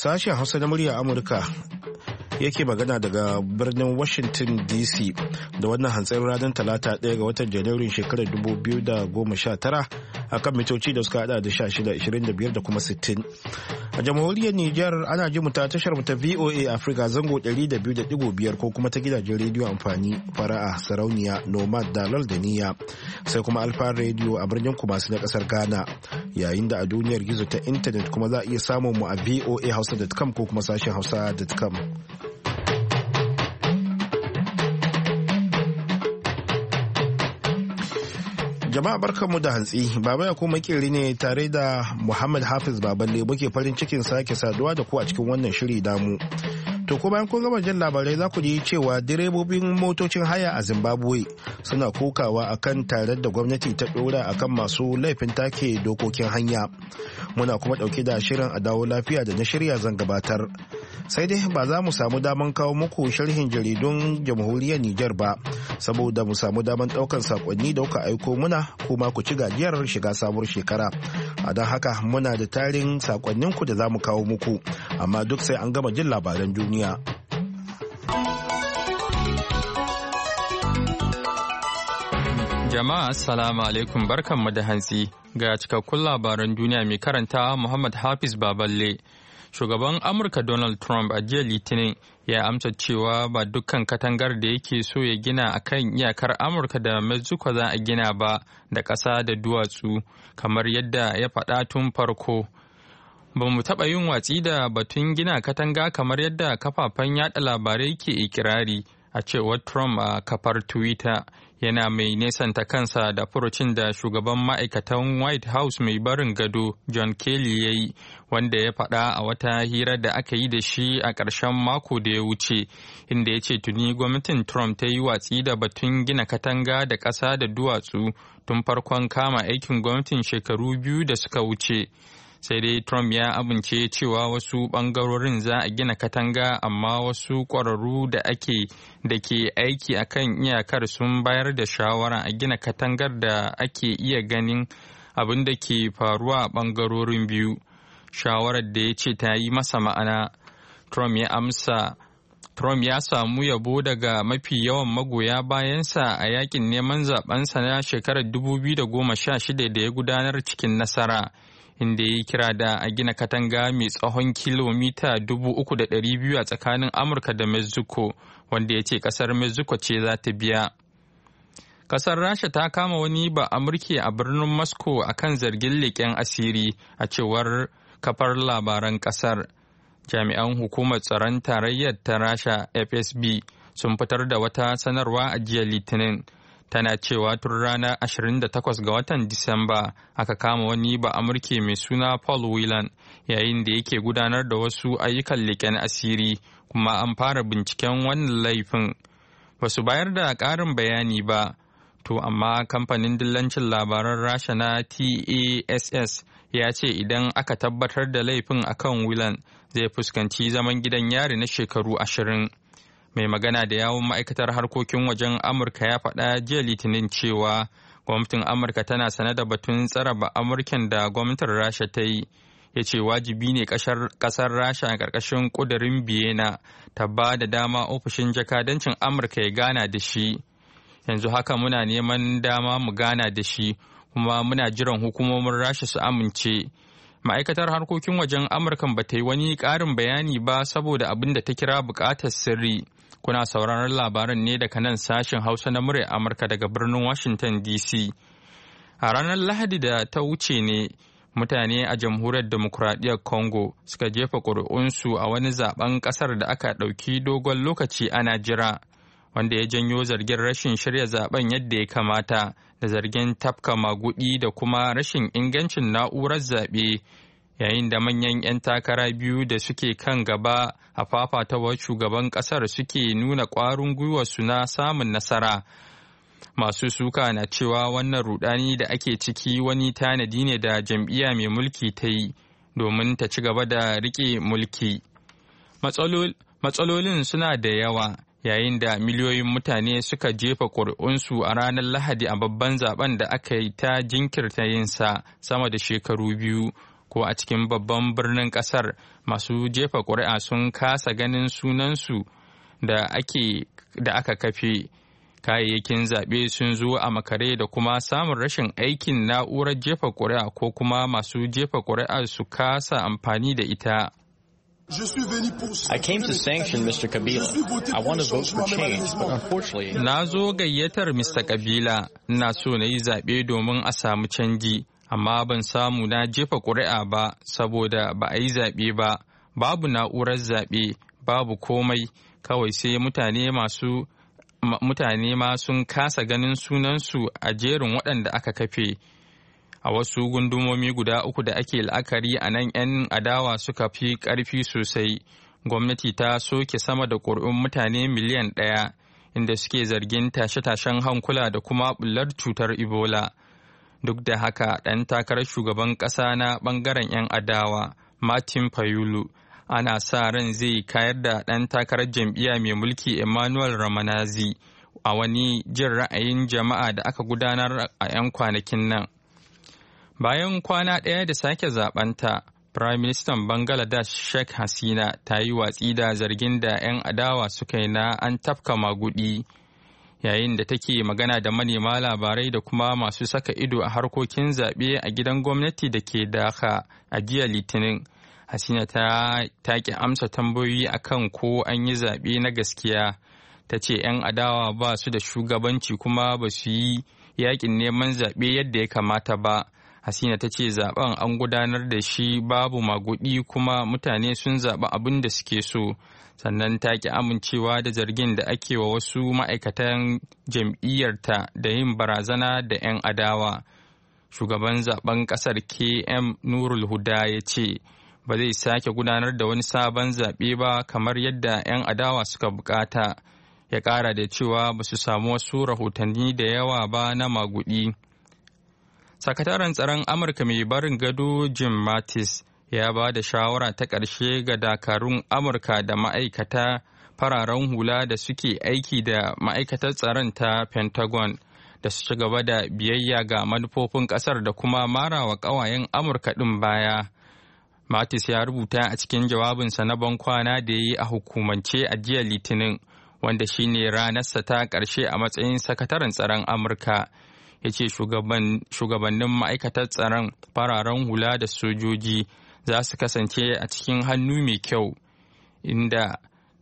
Sashen Hausa na murya Amurka yake magana daga birnin Washington DC da wannan hantsar ranar talata daya ga watan Janairun shekarar 2019 kan mitoci da suka hada da 16, 25 da kuma 60. a jamhuriyar Nijar ana ji mu ta tashar mu ta voa africa zango 200.5 ko kuma ta gidajen rediyo amfani fara'a sarauniya nomad dalal da niyya sai kuma alfa rediyo a birnin kumasi na kasar ghana yayin da a duniyar gizo ta intanet kuma za a iya samun mu a voa hausa.com ko kuma sashen hausa.com Jama'a mu da hantsi, Baba ya kuma kiri ne tare da Muhammad Hafiz Baballe muke farin cikin sake saduwa da ku a cikin wannan shiri damu. To ko bayan kun gama jin labarai za ku ji cewa direbobin motocin haya a Zimbabwe suna kokawa akan tare da gwamnati ta ɗora akan masu laifin take dokokin hanya. Muna kuma ɗauke da shirin a dawo lafiya da na shirya zan gabatar. sai dai ba za mu samu daman kawo muku sharhin jaridun jamhuriyar Nijar ba saboda mu samu daman daukan sakonni da kuka aiko muna kuma ku ci gajiyar shiga sabuwar shekara a don haka muna da tarin sakonnin ku da za mu kawo muku amma duk sai an gama jin labaran duniya jama'a assalamu alaikum barkanmu da hantsi ga cikakkun labaran duniya mai karanta muhammad hafiz baballe shugaban amurka donald trump a jiya litinin ya amsa cewa ba dukkan katangar da yake so ya gina a kan iyakar amurka da mexico za a gina ba da ƙasa da duwatsu kamar yadda ya faɗa tun farko ba mu taɓa yin watsi da batun gina katanga kamar yadda kafafen yada labarai ke ikirari a cewar Trump a kafar Twitter yana mai nesanta kansa da furucin da shugaban ma'aikatan White House mai barin gado John Kelly ya yi wanda ya faɗa a wata hira da aka yi da shi a ƙarshen mako da ya wuce inda ya ce tuni gwamnatin Trump ta yi watsi da batun gina katanga da ƙasa da duwatsu tun farkon kama aikin gwamnatin shekaru biyu da suka wuce. sai dai trump ya amince cewa wasu bangarorin za a gina katanga amma wasu kwararru da ake da ke aiki a kan iyakar sun bayar da shawara a gina katangar da ake iya ganin abin da ke faruwa a bangarorin biyu shawarar da ya ce ta yi masa ma'ana trump ya amsa Trump ya samu yabo daga mafi yawan magoya bayansa a yakin neman zaɓensa na shekarar 2016 da ya gudanar cikin nasara inda ya yi kira da a gina katanga mai tsawon kilomita 3,200 a tsakanin amurka da mexico wanda ya ce kasar mexico ce za ta biya kasar rasha ta kama wani ba amurke a birnin moscow a kan zargin leƙen asiri a cewar kafar labaran kasar jami'an hukumar tsaron tarayyar ta rasha fsb sun fitar da wata sanarwa a jiya litinin tana cewa tun ranar 28 ga watan Disamba aka kama wani ba Amurke mai suna Paul Whelan yayin da yake gudanar da wasu ayyukan leƙen asiri kuma an fara binciken wannan laifin. Ba su bayar da ƙarin bayani ba, to amma kamfanin dillancin labaran Rasha na TASS ya ce idan aka tabbatar da laifin akan Whelan zai fuskanci zaman gidan yari na shekaru ashirin. mai magana da yawun ma'aikatar harkokin wajen amurka ya faɗa jiya litinin cewa gwamnatin amurka tana sane da batun tsara ba da gwamnatin rasha ta yi ya ce wajibi ne ƙasar rasha a ƙarƙashin ƙudurin biyena ta ba da dama ofishin jakadancin amurka ya gana da shi yanzu haka muna neman dama mu gana da shi kuma muna jiran hukumomin rasha su amince ma'aikatar harkokin wajen Amurka ba ta yi wani ƙarin bayani ba saboda abin da ta kira buƙatar sirri kuna sauraron labaran ne daga nan sashen hausa na murya amurka daga birnin washington dc a ranar lahadi da ta wuce ne mutane a jamhuriyar demokuraɗiyyar congo suka jefa ƙuri'unsu a wani zaben ƙasar da aka ɗauki dogon lokaci ana jira wanda ya janyo zargin rashin shirya zaben yadda ya kamata da zargin tafka magudi da kuma rashin ingancin na'urar zaɓe yayin da manyan 'yan takara biyu da suke kan gaba a fafatawar shugaban ƙasar suke nuna ƙwarin su na samun nasara masu suka na cewa wannan rudani da ake ciki wani tanadi ne da jam'iyya mai mulki ta yi domin ta ci gaba da riƙe mulki matsalolin suna da yawa yayin da miliyoyin mutane suka jefa ƙuri'unsu a ranar lahadi a babban zaben da aka yi ta jinkirta yinsa sama da shekaru biyu ko a cikin babban birnin ƙasar masu jefa ƙuri'a sun kasa ganin sunansu da aka kafe kayayyakin zaɓe sun zo a makare da kuma samun rashin aikin na'urar jefa ƙuri'a ko kuma masu jefa ƙuri'a su kasa amfani da ita. I came to sanction Mr. Kabila. I want to vote for change, but unfortunately... Na zo gayyatar Mr. Kabila, na so na yi zaɓe domin a samu canji, amma ban samu na jefa ƙuri'a ba saboda ba a yi zaɓe ba, babu na'urar zaɓe, babu komai, kawai sai mutane masu mutane ma sun kasa ganin sunansu a jerin waɗanda aka kafe. a wasu gundumomi guda uku da ake la'akari a nan 'yan adawa suka fi ƙarfi sosai gwamnati ta soke sama da ƙuri'un mutane miliyan ɗaya inda suke zargin tashe-tashen hankula da kuma bular cutar ebola duk da haka ɗan takarar shugaban ƙasa na ɓangaren 'yan adawa martin fayulu ana sa ran zai kayar da ɗan takarar jam'iyya mai mulki emmanuel ramanazi a wani jin ra'ayin jama'a da aka gudanar a 'yan kwanakin nan. Bayan kwana ɗaya da sake zaɓenta, Prime Minister Bangladesh Sheikh Hasina ta yi watsi da zargin da 'yan adawa suka yi na an tafka magudi. Yayin da take magana da manema labarai da kuma masu saka ido a harkokin zaɓe a gidan gwamnati da ke daka a jiya Litinin. Hasina ta ki amsa tambayoyi akan ko an yi zaɓe na gaskiya. Ta ce 'yan adawa ba su da shugabanci kuma ba su yi yaƙin neman zaɓe yadda ya kamata ba. hasina ta ce zaben an gudanar da shi babu magudi kuma mutane sun zaɓi abin da suke so sannan ta ki amincewa da zargin da ake wa wasu ma'aikatan jam'iyyarta da yin barazana da 'yan adawa shugaban zaben ƙasar km nurul huda ya ce ba zai sake gudanar da wani sabon zaɓe ba kamar yadda 'yan adawa suka bukata ya ƙara da cewa ba su samu wasu rahotanni da yawa ba na magudi. sakataren tsaron amurka mai barin gado jim mattis ya ba da shawara ta ƙarshe ga dakarun amurka da ma'aikata fararen hula da suke aiki da ma'aikatar tsaron ta pentagon da su ci gaba da biyayya ga manufofin ƙasar da kuma marawa ƙawayen amurka ɗin baya matis ya rubuta a cikin jawabinsa na bankwana da ya yi a hukumance a jiya litinin wanda shine ranarsa ta ƙarshe a matsayin sakataren tsaron amurka ya ce shugabannin ma'aikatar tsaron fararen hula da sojoji za su kasance a cikin hannu mai kyau inda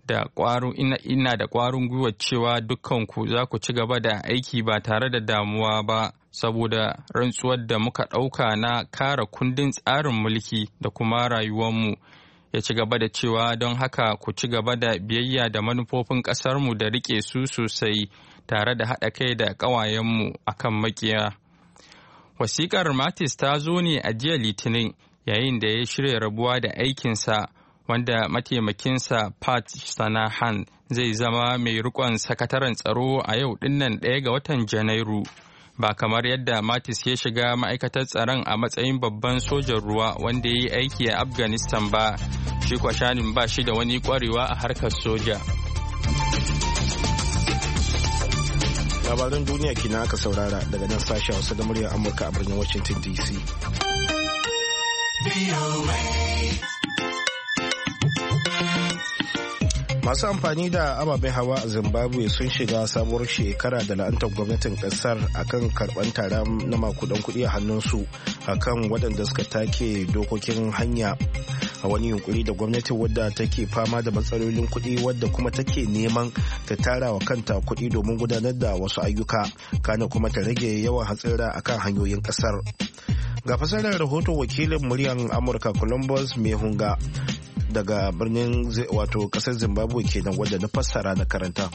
da kwaru, ina da kwarin gwiwar cewa dukkanku za ku ci gaba da aiki ba tare da damuwa ba saboda rantsuwar da muka ɗauka na kara kundin tsarin mulki da kuma rayuwarmu ya ci gaba da cewa don haka ku ci gaba da biyayya da manufofin ƙasarmu da riƙe su sosai tare da haɗa kai da ƙawayenmu kan makiya. Wasiƙar Matis ta zo ne a jiya Litinin yayin da ya shirya rabuwa da aikinsa wanda mataimakinsa Pat Sanahan zai zama mai rikon sakataren tsaro a yau dinnan ɗaya ga watan Janairu. Ba kamar yadda Matis ya shiga ma'aikatar tsaron a matsayin babban sojan ruwa wanda ya yi aiki a Afghanistan ba, shi kwashanin ba shi da wani kwarewa a harkar soja. labaran duniya kina aka saurara daga nan sashen wasu da muryar amurka a birnin washington dc masu amfani da ababen hawa a zimbabwe sun shiga sabuwar shekara da la'antar gwamnatin kasar akan karban tara na makudan kuɗi a hannunsu akan waɗanda suka take dokokin hanya a wani yunkuri da gwamnati wadda take fama da matsalolin kuɗi wadda kuma take neman ta tara wa kanta kuɗi domin gudanar da wasu ayyuka kana kuma ta rage yawan hatsira akan hanyoyin ƙasar ga fasarar rahoton wakilin muryar amurka columbus hunga daga birnin wato ƙasar zimbabwe kenan wadda na fassara na karanta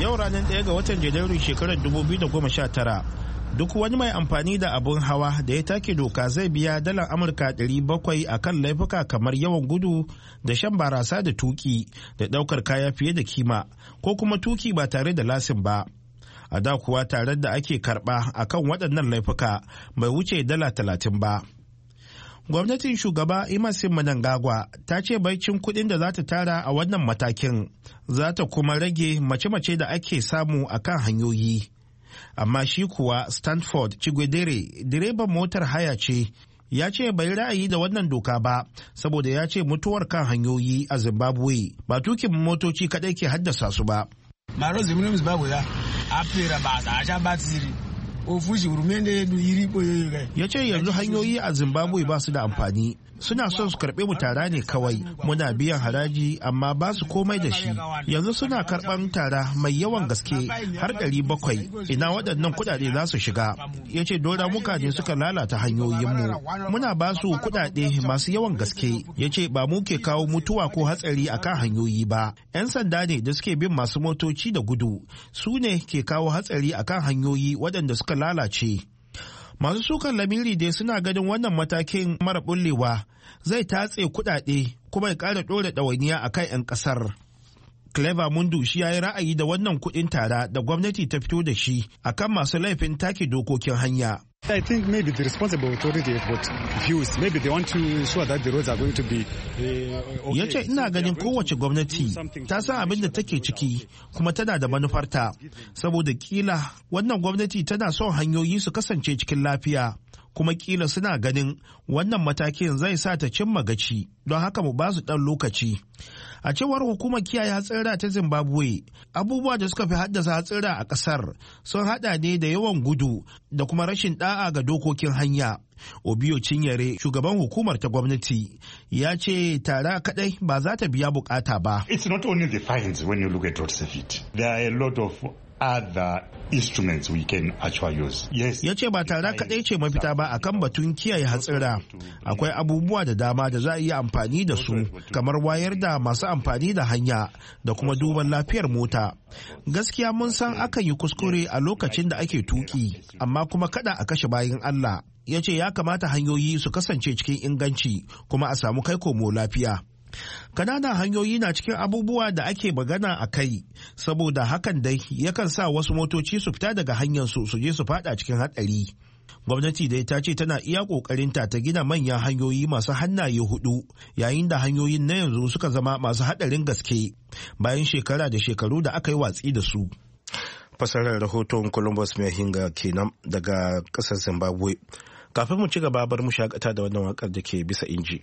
yau ranar ɗaya ga watan janairu shekarar 2019 duk wani mai amfani da abun hawa da ya take doka zai biya dalar amurka 700 a kan laifuka kamar yawan gudu da shan barasa da tuki da daukar kaya fiye da kima ko kuma tuki ba tare da lasin ba a da kuwa tare da ake karba akan waɗannan laifuka mai wuce dala 30 ba gwamnatin shugaba imasi manangagwa ta ce baicin kudin da za ta tara a wannan matakin za ta kuma rage mace-mace da ake samu a kan hanyoyi amma shi kuwa stanford chigwedere direban motar haya ce ya ce bai ra'ayi da wannan doka ba saboda ya ce mutuwar kan hanyoyi a zimbabwe ba tukin motoci kadai ke haddasa su ba. Maro zimbabwe ya, a ba a ofishi rumende yedu iripo yoyo kai yace yanzu hanyoyi a zimbabwe ba su da amfani suna son su karɓe mu tara ne kawai muna biyan haraji amma ba su komai da shi yanzu suna karɓan tara mai yawan gaske har ɗari bakwai ina waɗannan kuɗaɗe za su shiga ya ce dora muka ne suka lalata hanyoyin mu muna ba su kuɗaɗe masu yawan gaske ya ce ba mu ke kawo mutuwa ko hatsari a kan hanyoyi ba 'yan sanda ne da suke bin masu motoci da gudu su ne ke kawo hatsari a kan hanyoyi waɗanda suka lalace masu sukan lamiri dai suna ganin wannan matakin mara bullewa zai tatse kudade kuma ya kara dore ɗawainiya a kan 'yan ƙasar. Clever Mundu shi ya yi ra'ayi da wannan kuɗin tara da gwamnati ta fito da shi akan masu laifin take dokokin hanya. I think maybe the responsible authority got views maybe they want to ensure that the roads are going to be uh, Ya ce ina ganin kowace gwamnati ta san abin da take ciki kuma tana da manufarta saboda kila wannan gwamnati tana son hanyoyi su kasance cikin lafiya kuma kila suna ganin wannan matakin zai sa ta cimma gaci don haka mu ba su ɗan lokaci. A cewar hukumar kiyaye hatsira ta Zimbabwe, abubuwa da suka fi haddasa hatsira a ƙasar sun haɗa ne da yawan gudu da kuma rashin ɗa'a ga dokokin hanya. Obiyo Cinyere, shugaban hukumar ta gwamnati, ya ce tara kaɗai ba za ta biya bukata ba. It's not only the fines when you look at road safety. other instruments we can actually use. Yes. Ya ce ba tare kaɗai ce mafita ba akan batun kiyaye hatsira. Akwai abubuwa da dama da za a iya amfani da su kamar wayar da masu amfani da hanya da kuma duban lafiyar mota. Gaskiya mun san akan yi kuskure a lokacin da ake tuki amma kuma kada a kashe bayan Allah. Ya ce ya kamata hanyoyi su kasance cikin inganci kuma a samu kai komo lafiya. Kananan hanyoyi na cikin abubuwa da ake magana a kai, saboda hakan dai yakan sa wasu motoci su fita daga hanyar su su je su fada cikin hatsari. gwamnati dai ta ce tana iya kokarinta ta gina manyan hanyoyi masu hannaye hudu yayin da hanyoyin na yanzu suka zama masu hadarin gaske bayan shekara da shekaru da aka yi watsi da su fasarar rahoton columbus hinga kenan daga kasar zimbabwe kafin mu ci gaba bar mu shakata da wannan wakar da ke bisa inji.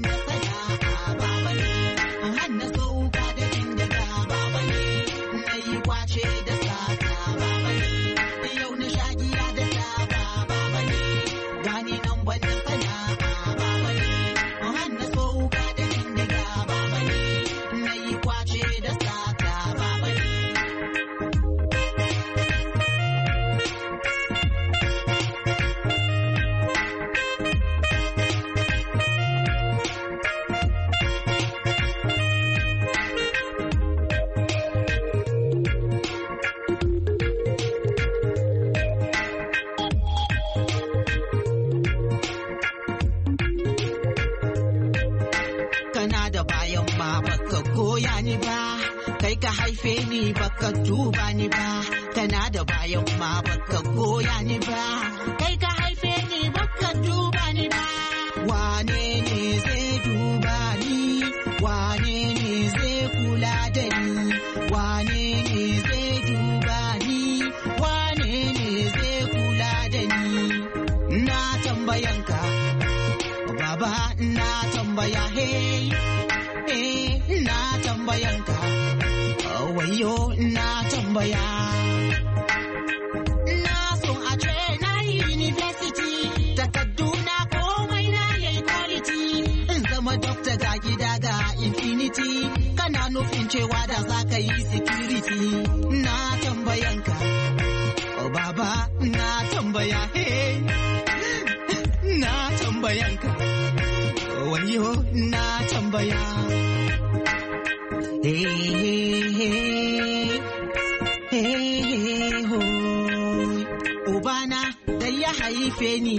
when you Ka duba ni ba tana da bayan ma baka goya ni ba kai ka zama dokta ga gida ga infinity kana nufin cewa da za ka yi security na tambayan ka o oh, baba na tambaya hey eh. na tambayan ka tambayanka oh, wayo na tambaya hey hey hey hey ho ubana da ya haife ni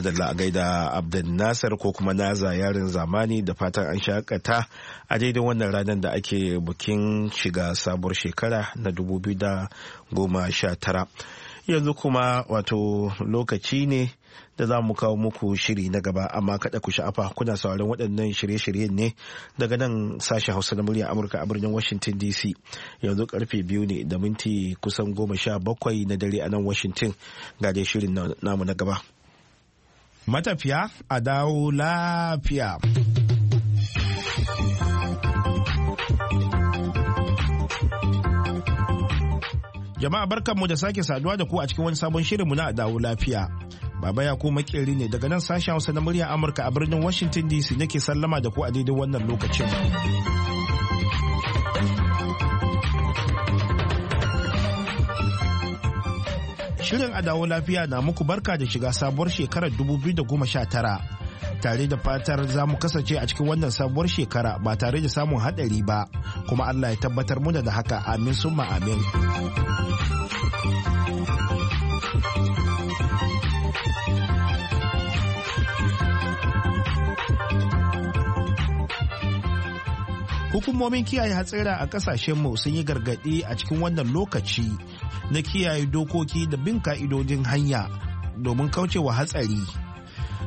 madalla a gaida abdul nasir ko kuma naza yarin zamani da fatan an shakata a daidai wannan ranar da ake bukin shiga sabuwar shekara na 2019 yanzu kuma wato lokaci ne da za mu kawo muku shiri na gaba amma kada ku sha'afa kuna sauraron waɗannan shirye-shiryen ne daga nan sashen hausa na muryar amurka a birnin washington dc yanzu karfe biyu ne da minti kusan goma sha bakwai na dare a nan washington ga dai shirin namu na gaba. matafiya a dawo lafiya. Jama'a barkanmu da sake saduwa da ku a cikin wani sabon shirinmu na dawo lafiya. Baba ya kuma makeri ne daga nan sashen Hausa na murya Amurka a birnin Washington DC nake sallama da ku a daidai wannan lokacin. Shirin a dawo lafiya na muku barka da shiga sabuwar shekarar 2019 tare da fatar za mu kasance a cikin wannan sabuwar shekara ba tare da samun haɗari ba kuma Allah ya tabbatar mu da haka amin summa amin. hukumomin kiyaye hatsira a kasashenmu sun yi gargaɗi a cikin wannan lokaci na kiyaye dokoki da bin ka'idodin hanya domin kauce wa hatsari.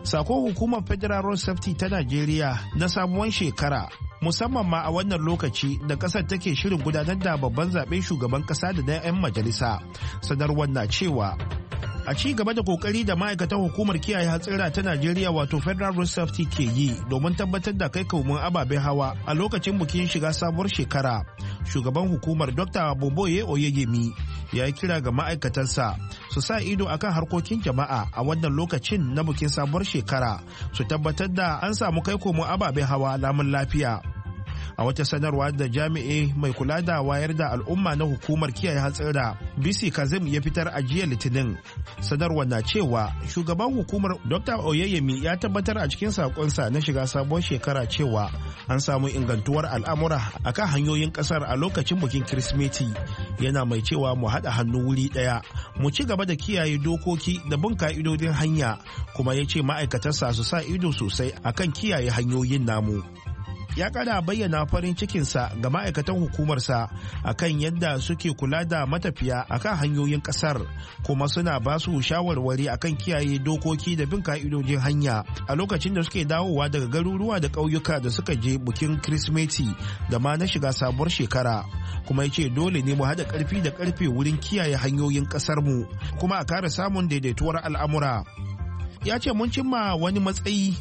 Sako hukumar Federal Road Safety ta Najeriya na sabuwar shekara musamman ma a wannan lokaci da kasar take shirin gudanar da babban zaben shugaban kasa da na 'yan majalisa sanarwar na cewa a ci gaba da kokari da ma'aikatan hukumar kiyaye hatsira ta najeriya wato federal road safety ke yi domin tabbatar da kai kaumin ababen hawa a lokacin bikin shiga sabuwar shekara shugaban hukumar dr bomboye oyeyemi ya yi kira ga ma'aikatansa su sa ido akan harkokin jama'a a wannan lokacin na bukin sabuwar shekara su tabbatar da an samu kai komo ababen hawa lamun lafiya a wata sanarwa da jami'i mai kula da wayar da al'umma na hukumar kiyaye da bc kazim ya fitar a jiya litinin sanarwar na cewa shugaban hukumar dr oyeyemi ya tabbatar a cikin sakonsa na shiga sabon shekara cewa an samu ingantuwar al'amura a kan hanyoyin kasar a lokacin bikin kirsimeti yana mai cewa mu haɗa hannu wuri ɗaya mu ci gaba da kiyaye dokoki da bin ka'idodin hanya kuma ya ce ma'aikatarsa su sa ido sosai akan kiyaye hanyoyin namu ya kada bayyana farin cikinsa ga ma'aikatan hukumarsa a kan yadda suke kula da matafiya a kan hanyoyin kasar kuma suna ba su shawarwari kan kiyaye dokoki da bin ka'idojin hanya a lokacin da suke dawowa daga garuruwa da ƙauyuka da suka je bikin kirsimeti da ma na shiga sabuwar shekara kuma ya ce dole ne mu haɗa ƙarfi da ƙarfe wurin kiyaye hanyoyin ƙasarmu kuma a kare samun daidaituwar al'amura ya ce mun cimma wani matsayi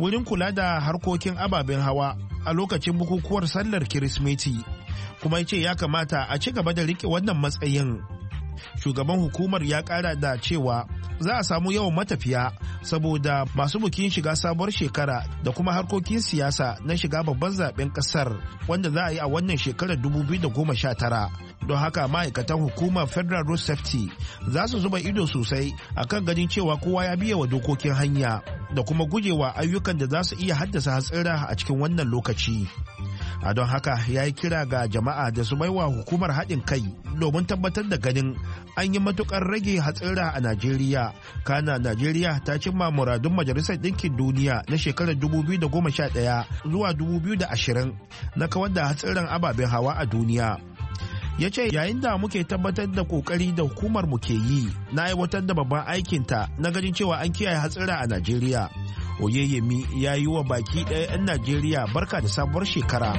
wurin kula da harkokin ababen hawa a lokacin bukukuwar sallar Kirismeti, kuma ya ce ya kamata a ci gaba da rike wannan matsayin shugaban hukumar ya kara da cewa za a samu yawan matafiya saboda masu bukin shiga sabuwar shekara da kuma harkokin siyasa na shiga babban zaben kasar wanda za a yi a wannan shekarar 2019 don haka ma'aikatan hukumar federal road safety za su zuba ido sosai a kan ganin cewa kowa ya biya wa dokokin hanya da kuma gujewa ayyukan da za su iya haddasa hatsira a cikin wannan lokaci a don haka ya yi kira ga jama'a da su baiwa hukumar haɗin kai domin tabbatar da ganin an yi matukar rage hatsira a najeriya kana najeriya ta cimma muradun majalisar ɗinkin duniya na shekarar 2011 zuwa 2020 na kawar da hatsiran ababen hawa a duniya ya ce yayin da muke tabbatar da kokari da hukumar mu ke yi na aiwatar da babban aikinta na ganin cewa an kiyaye hatsira a najeriya oyeyemi ya yi wa baki ɗaya 'yan najeriya barka da sabuwar shekara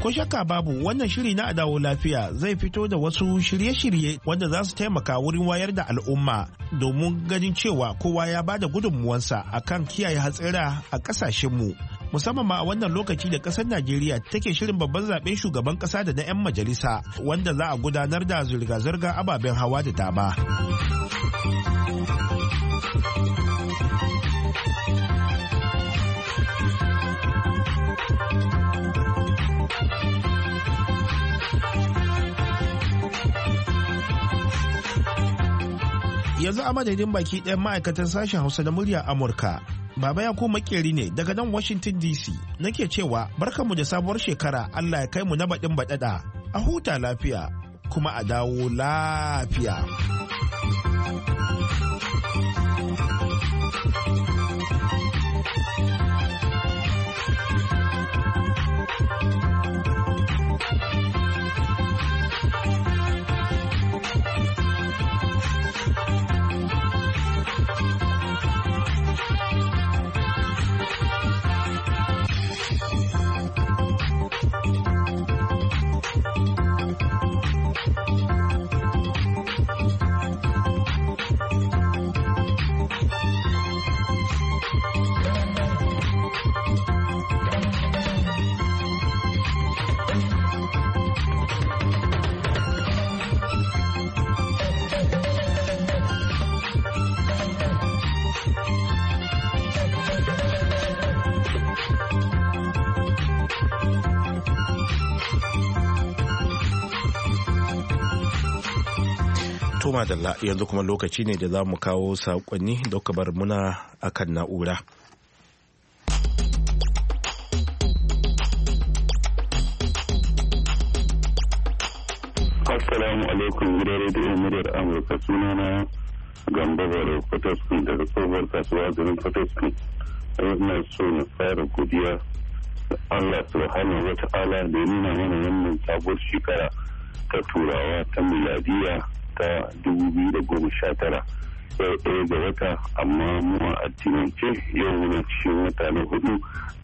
Ko shakka babu wannan shiri na adawo lafiya zai fito da wasu shirye-shirye wanda za su taimaka wurin wayar da al'umma domin ganin cewa kowa ya bada gudunmuwansa akan kiyaye hatsira a kasashenmu. Musamman ma a wannan lokaci da kasar Najeriya take shirin babban zaben shugaban kasa da na 'yan majalisa wanda za a gudanar da zirga-zirgar ababen hawa da dama. yanzu a madadin baki ɗayan ma'aikatan sashen hausa na murya amurka baba ya kuma makeri ne daga nan washington dc nake cewa barkanmu da sabuwar shekara allah ya kai mu na baɗin baɗaɗa a huta lafiya kuma a dawo lafiya. da la yanzu kuma lokaci ne da za mu kawo saƙonni Dauka bar muna akan na'ura. Assalamu alaikum gidan rediyo muryar Amurka sunana gamba da Fatoskun daga tsohuwar kasuwa garin Fatoskun. Ina so na fara godiya Allah subhanahu wa ta'ala da ya nuna mana wannan sabuwar shekara ta turawa ta miladiya ta 2019 tara ɗaya eh, eh, ga wata amma mu a addinance yau muna cikin mutane hudu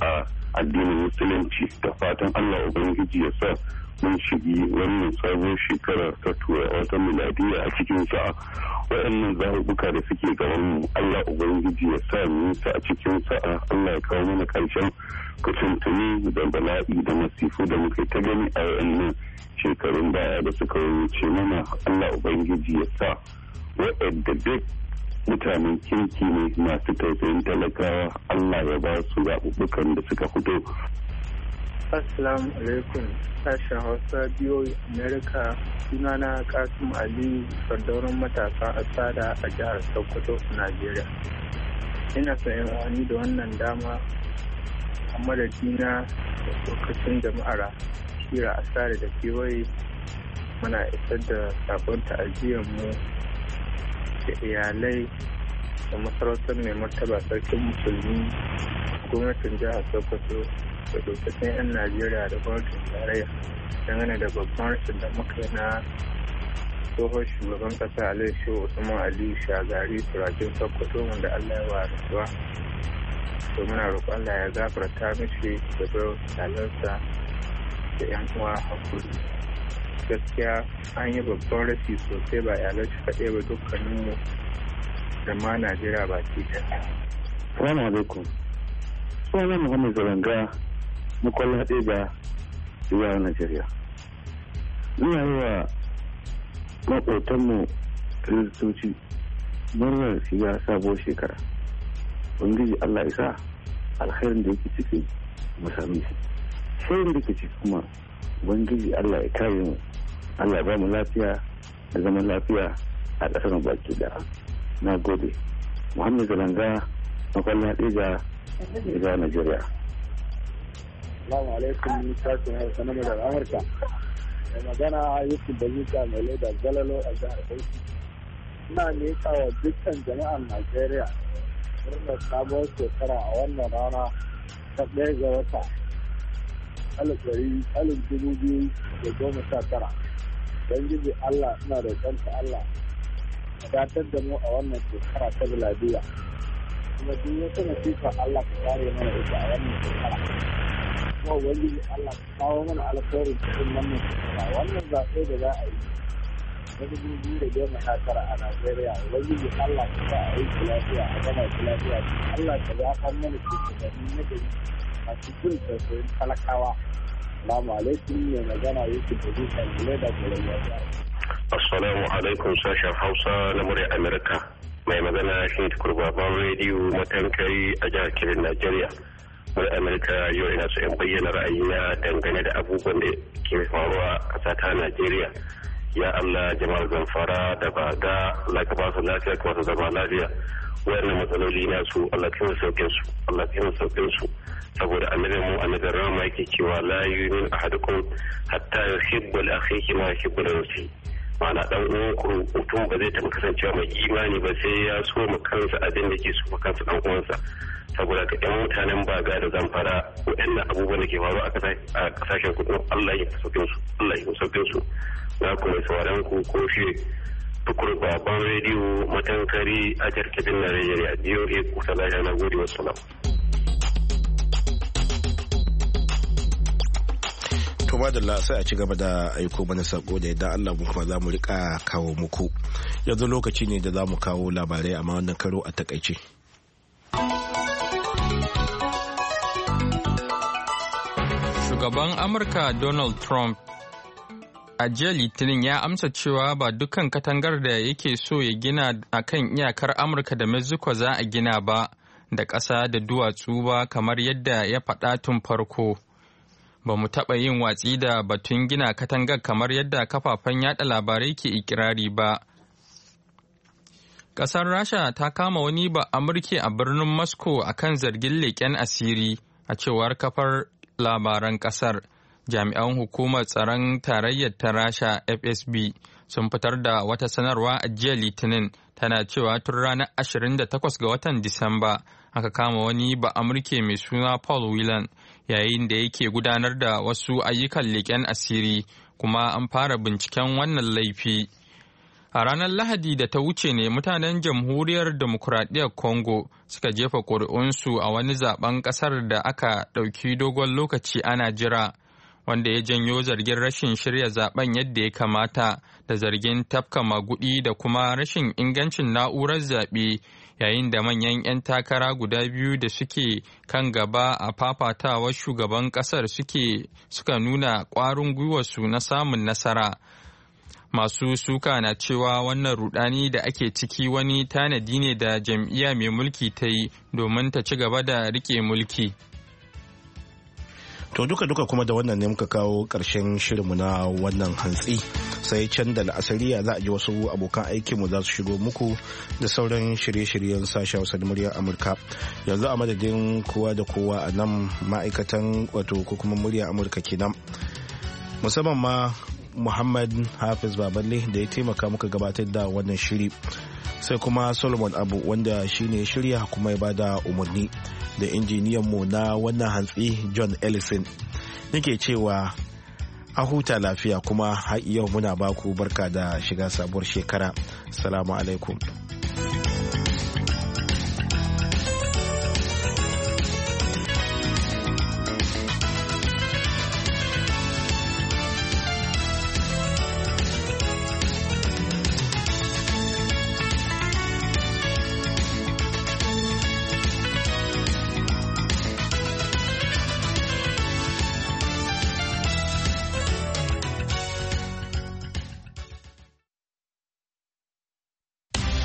a addinin musulunci da fatan allah ubangiji ya sa mun shigi wannan sabon shekara ta turawa ta miladiya a cikin sa'a waɗannan zaɓuɓɓuka da suke gaban mu Allah ubangiji ya sa mu sa a cikin sa'a Allah ya kawo mana karshen kusantuni da bala'i da masifu da muka ta gani a waɗannan shekarun baya da suka wuce mana Allah ubangiji ya sa waɗanda duk mutanen kirki ne masu tausayin talakawa Allah ya ba su zaɓuɓɓukan da suka fito Assalamu alaikum sashen Hausa biyo Amerika sunana Kasim Ali sardaunin matasa a tsada a jihar Sokoto, Najeriya. Ina sayan wani da wannan dama a madadina da lokacin jama'ara shira a tsada da kewaye muna isar da sabon mu da iyalai da masarautar mai martaba sarkin musulmi gwamnatin jihar Sokoto da lokacin 'yan najeriya da gwamnatin tarayya dangane da babban rashin da muka na tsohon shugaban kasa alai shehu usman aliyu shagari turajin sokoto wanda allah ya wa rasuwa to muna roƙon allah ya gafarta mishi da bai talansa da 'yan uwa hakuri gaskiya an yi babban rashi sosai ba yalan shi kaɗai ba dukkaninmu da ma najeriya ba baki ɗaya. Salamu alaikum. Sunan Muhammad Zalanga na kwallon ɗaya ga yawan Najeriya. Muna yi wa maƙotanmu kiristoci murnar shiga sabuwar shekara. Ubangiji Allah isa alkhairin da yake ciki mu sami shi. Shirin da ke ciki kuma Ubangiji Allah ya kare mu. Allah ba mu lafiya da zaman lafiya a ƙasar baki da na gode. Muhammadu Zalanga na kwallon ɗaya ga Najeriya. Assalamu alaikum sashen Hausa na Madar Amurka. mai magana da Bazika mai laida Zalalo a jihar Bauchi. Ina miƙa wa dukkan jama'an Najeriya murnar sabuwar shekara a wannan rana ta ɗaya ga wata alif ɗari alif dubu biyu da goma sha tara. Don Allah suna da tsanta Allah. Wadatar da mu a wannan shekara ta biladiya. Kuma duk wata nasifa Allah ka kare mana ita a wannan shekara. kuma wani Allah kawo mana alkhairin cikin wannan wannan zaɓe da za a yi na dubu biyu da goma sha tara a Najeriya wani Allah ka sa a yi lafiya a gama lafiya Allah ka zafar mana shugabanni na gari masu jin tausayin talakawa. Salamu alaikum mai magana yake da zai kalli da gwalwata. Assalamu alaikum sashen Hausa na murya Amurka. Mai magana shi kurbaban rediyo matankari a jihar Kirin Najeriya. wani amurka yau ina so in bayyana ra'ayina dangane da abubuwan da ke faruwa a sata najeriya ya allah jama'ar zamfara da ba da allah lafiya ka wasu zama lafiya wayannan matsaloli na su allah ka su allah sauƙin su saboda annabi mu annabi rama yake cewa la yu'min ahadukum hatta yuhibbu li akhihi ma yuhibbu li nafsihi mana dan uwan mutum ba zai taɓa kasancewa mai imani ba sai ya so mu kansa abin da ke so ma kansa dan uwansa saboda ka ɗan mutanen ba baga da zamfara waɗannan abubuwan da ke faru a kasashen kuɗi. Allah ya saukin su Allah ya saukin su na kuma sauran ku ko shi tukur baban rediyo matankari a jarkabin Najeriya biyo ku ta na gode wasu to madalla sai a ci gaba da aiko mana sako da yadda Allah mu kuma za mu rika kawo muku yanzu lokaci ne da za mu kawo labarai amma wannan karo a takaice. shugaban Amurka Donald Trump a jiya Litinin ya amsa cewa ba dukkan katangar da yake so ya gina a kan iyakar Amurka da Mexico za a gina ba da ƙasa da duwatsu ba kamar yadda ya faɗa tun farko. Ba mu taɓa yin watsi da batun gina katangar kamar yadda kafafen yaɗa labarai ke ikirari ba. Ƙasar Rasha ta kama wani ba a birnin Moscow akan zargin leƙen asiri. a cewar kafar labaran kasar jami'an hukumar tsaron tarayyar ta rasha fsb sun fitar da wata sanarwa a jiya litinin tana cewa tun ranar 28 ga watan disamba aka kama wani ba amurke mai suna paul whelan yayin da yake gudanar da wasu ayyukan leƙen asiri kuma an fara binciken wannan laifi. A ranar Lahadi da ta wuce ne mutanen jamhuriyar demokuraɗiyyar Congo suka jefa ƙuri'unsu a wani zaben ƙasar da aka ɗauki dogon lokaci ana jira, wanda ya janyo zargin rashin shirya zaben yadda ya kamata da zargin tafka magudi da kuma rashin ingancin na'urar zaɓe yayin da manyan 'yan takara guda biyu da suke kan gaba a fafatawar shugaban ƙasar suka nuna ƙwarin gwiwarsu na samun nasara. masu suka na cewa wannan rudani da ake ciki wani tanadi ne da jam'iyya mai mulki ta yi domin ta ci gaba da rike mulki to duka-duka kuma da wannan ne muka kawo karshen shirinmu na wannan hantsi sai can da la'asariya za a ji wasu abokan aikinmu za su shigo muku da sauran shirye-shiryen sashen wasan muryar amurka yanzu a madadin kowa da kowa a nan ma'aikatan wato ko kuma muryar amurka kenan musamman ma muhammad hafiz baballe da ya taimaka muka gabatar da wannan shiri sai kuma solomon abu wanda shine shirya kuma ya bada umarni da injiniyan mu na wannan hantsi john ellison nake cewa a huta lafiya kuma har yau muna baku barka da shiga sabuwar shekara salamu alaikum